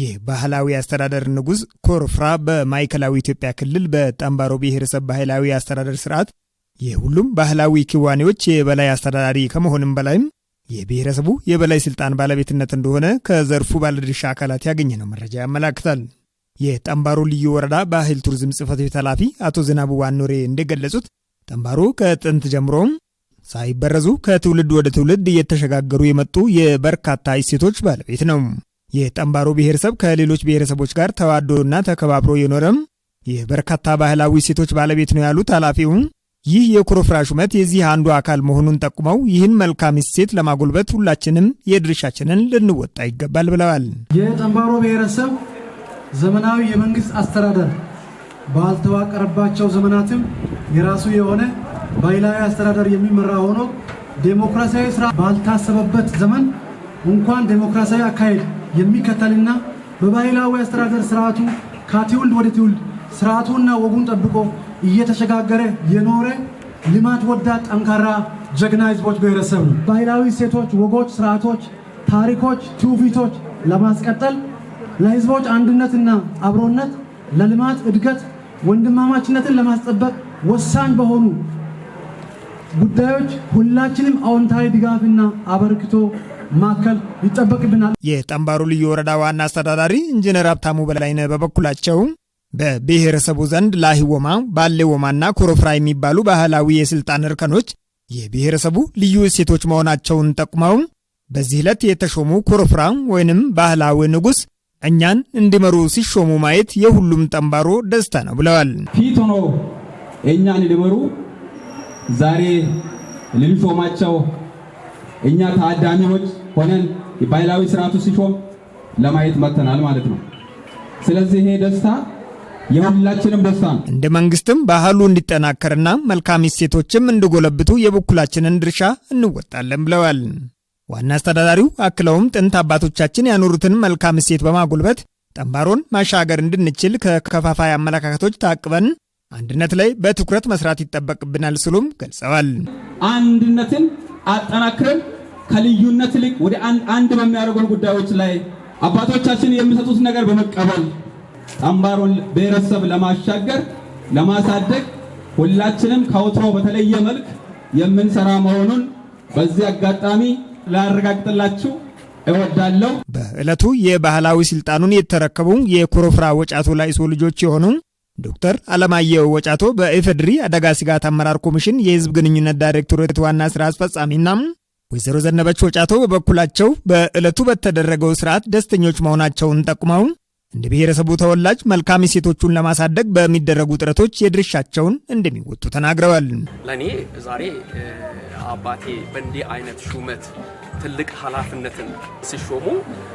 ይህ ባህላዊ አስተዳደር ንጉሥ ኮርፍራ በማዕከላዊ ኢትዮጵያ ክልል በጠምባሮ ብሔረሰብ ባህላዊ አስተዳደር ስርዓት የሁሉም ባህላዊ ክዋኔዎች የበላይ አስተዳዳሪ ከመሆንም በላይም የብሔረሰቡ የበላይ ስልጣን ባለቤትነት እንደሆነ ከዘርፉ ባለድርሻ አካላት ነው መረጃ ያመላክታል። የጠምባሮ ልዩ ወረዳ ባህል ቱሪዝም ጽፈት ቤት ኃላፊ አቶ ዝናቡ ዋኖሬ እንደገለጹት ጠምባሮ ከጥንት ጀምሮም ሳይበረዙ ከትውልድ ወደ ትውልድ እየተሸጋገሩ የመጡ የበርካታ እሴቶች ባለቤት ነው። የጠንባሮ ብሔረሰብ ከሌሎች ብሔረሰቦች ጋር ተዋዶና ተከባብሮ የኖረም የበርካታ ባህላዊ ሴቶች ባለቤት ነው ያሉት ኃላፊው ይህ የኩርፍራ ሹመት የዚህ አንዱ አካል መሆኑን ጠቁመው ይህን መልካም እሴት ለማጎልበት ሁላችንም የድርሻችንን ልንወጣ ይገባል ብለዋል። የጠንባሮ ብሔረሰብ ዘመናዊ የመንግስት አስተዳደር ባልተዋቀረባቸው ዘመናትም የራሱ የሆነ ባህላዊ አስተዳደር የሚመራ ሆኖ ዴሞክራሲያዊ ስራ ባልታሰበበት ዘመን እንኳን ዴሞክራሲያዊ አካሄድ የሚከተልና በባህላዊ አስተዳደር ስርዓቱ ከትውልድ ወደ ትውልድ ስርዓቱና ወጉን ጠብቆ እየተሸጋገረ የኖረ ልማት ወዳድ ጠንካራ ጀግና ህዝቦች ብሔረሰብ ነው። ባህላዊ እሴቶች፣ ወጎች፣ ስርዓቶች፣ ታሪኮች፣ ትውፊቶች ለማስቀጠል ለህዝቦች አንድነትና አብሮነት ለልማት እድገት ወንድማማችነትን ለማስጠበቅ ወሳኝ በሆኑ ጉዳዮች ሁላችንም አዎንታዊ ድጋፍና አበርክቶ ማከል ይጠበቅብናል። የጠምባሮ ልዩ ወረዳ ዋና አስተዳዳሪ ኢንጂነር ሀብታሙ በላይነህ በበኩላቸው በብሔረሰቡ ዘንድ ላሂ ወማ ባሌ ወማና ኮረፍራ የሚባሉ ባህላዊ የስልጣን እርከኖች የብሔረሰቡ ልዩ እሴቶች መሆናቸውን ጠቁመው በዚህ ዕለት የተሾሙ ኮረፍራ ወይንም ባህላዊ ንጉሥ እኛን እንዲመሩ ሲሾሙ ማየት የሁሉም ጠምባሮ ደስታ ነው ብለዋል። ፊት ሆኖ እኛን እንዲመሩ ዛሬ ልንሾማቸው እኛ ታዳሚዎች ሆነን ባህላዊ ስርዓቱ ሲሾም ለማየት መጥተናል ማለት ነው። ስለዚህ ይሄ ደስታ የሁላችንም ደስታ ነው። እንደ መንግስትም ባህሉ እንዲጠናከርና መልካም እሴቶችም እንዲጎለብቱ የበኩላችንን ድርሻ እንወጣለን ብለዋል። ዋና አስተዳዳሪው አክለውም ጥንት አባቶቻችን ያኖሩትን መልካም እሴት በማጎልበት ጠንባሮን ማሻገር እንድንችል ከከፋፋይ አመለካከቶች ታቅበን አንድነት ላይ በትኩረት መስራት ይጠበቅብናል ሲሉም ገልጸዋል። አንድነትን አጠናክረን ከልዩነት ይልቅ ወደ አንድ በሚያደርጉን ጉዳዮች ላይ አባቶቻችን የሚሰጡት ነገር በመቀበል ጠምባሮን ብሔረሰብ ለማሻገር ለማሳደግ ሁላችንም ከወትሮ በተለየ መልክ የምንሰራ መሆኑን በዚህ አጋጣሚ ላረጋግጥላችሁ እወዳለሁ። በዕለቱ የባህላዊ ስልጣኑን የተረከቡ የኮሮፍራ ወጫቶ ላይሶ ልጆች የሆኑ ዶክተር አለማየሁ ወጫቶ በኢፌዴሪ አደጋ ስጋት አመራር ኮሚሽን የህዝብ ግንኙነት ዳይሬክቶሬት ዋና ስራ አስፈጻሚና ወይዘሮ ዘነበች ወጫቶ በበኩላቸው በዕለቱ በተደረገው ስርዓት ደስተኞች መሆናቸውን ጠቁመው እንደ ብሔረሰቡ ተወላጅ መልካም ሴቶቹን ለማሳደግ በሚደረጉ ጥረቶች የድርሻቸውን እንደሚወጡ ተናግረዋል። ለእኔ ዛሬ አባቴ በእንዲህ አይነት ሹመት ትልቅ ኃላፊነትን ሲሾሙ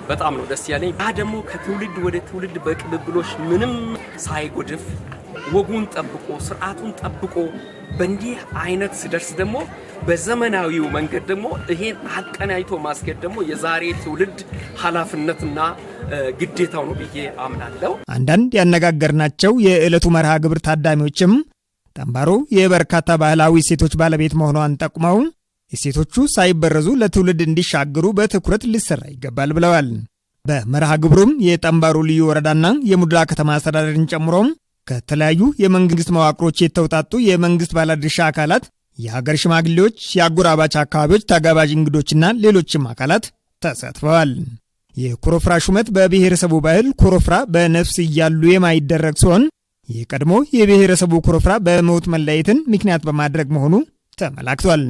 በጣም ነው ደስ ያለኝ። ያ ደግሞ ከትውልድ ወደ ትውልድ በቅብብሎች ምንም ሳይጎድፍ ወጉን ጠብቆ ስርዓቱን ጠብቆ በእንዲህ አይነት ሲደርስ ደግሞ በዘመናዊው መንገድ ደግሞ ይሄን አቀናጅቶ ማስኬድ ደግሞ የዛሬ ትውልድ ኃላፊነትና ግዴታው ነው ብዬ አምናለሁ። አንዳንድ ያነጋገርናቸው የዕለቱ መርሃ ግብር ታዳሚዎችም ጠንባሮ የበርካታ ባህላዊ እሴቶች ባለቤት መሆኗን ጠቁመው እሴቶቹ ሳይበረዙ ለትውልድ እንዲሻገሩ በትኩረት ሊሰራ ይገባል ብለዋል። በመርሃ ግብሩም የጠምባሮ ልዩ ወረዳና የሙድላ ከተማ አስተዳደርን ጨምሮም ከተለያዩ የመንግስት መዋቅሮች የተውጣጡ የመንግስት ባለድርሻ አካላት፣ የሀገር ሽማግሌዎች፣ የአጎራባች አካባቢዎች ተጋባዥ እንግዶችና ሌሎችም አካላት ተሳትፈዋል። የኮሮፍራ ሹመት በብሔረሰቡ ባህል ኮሮፍራ በነፍስ እያሉ የማይደረግ ሲሆን የቀድሞ የብሔረሰቡ ኮሮፍራ በሞት መለየትን ምክንያት በማድረግ መሆኑ ተመላክቷል።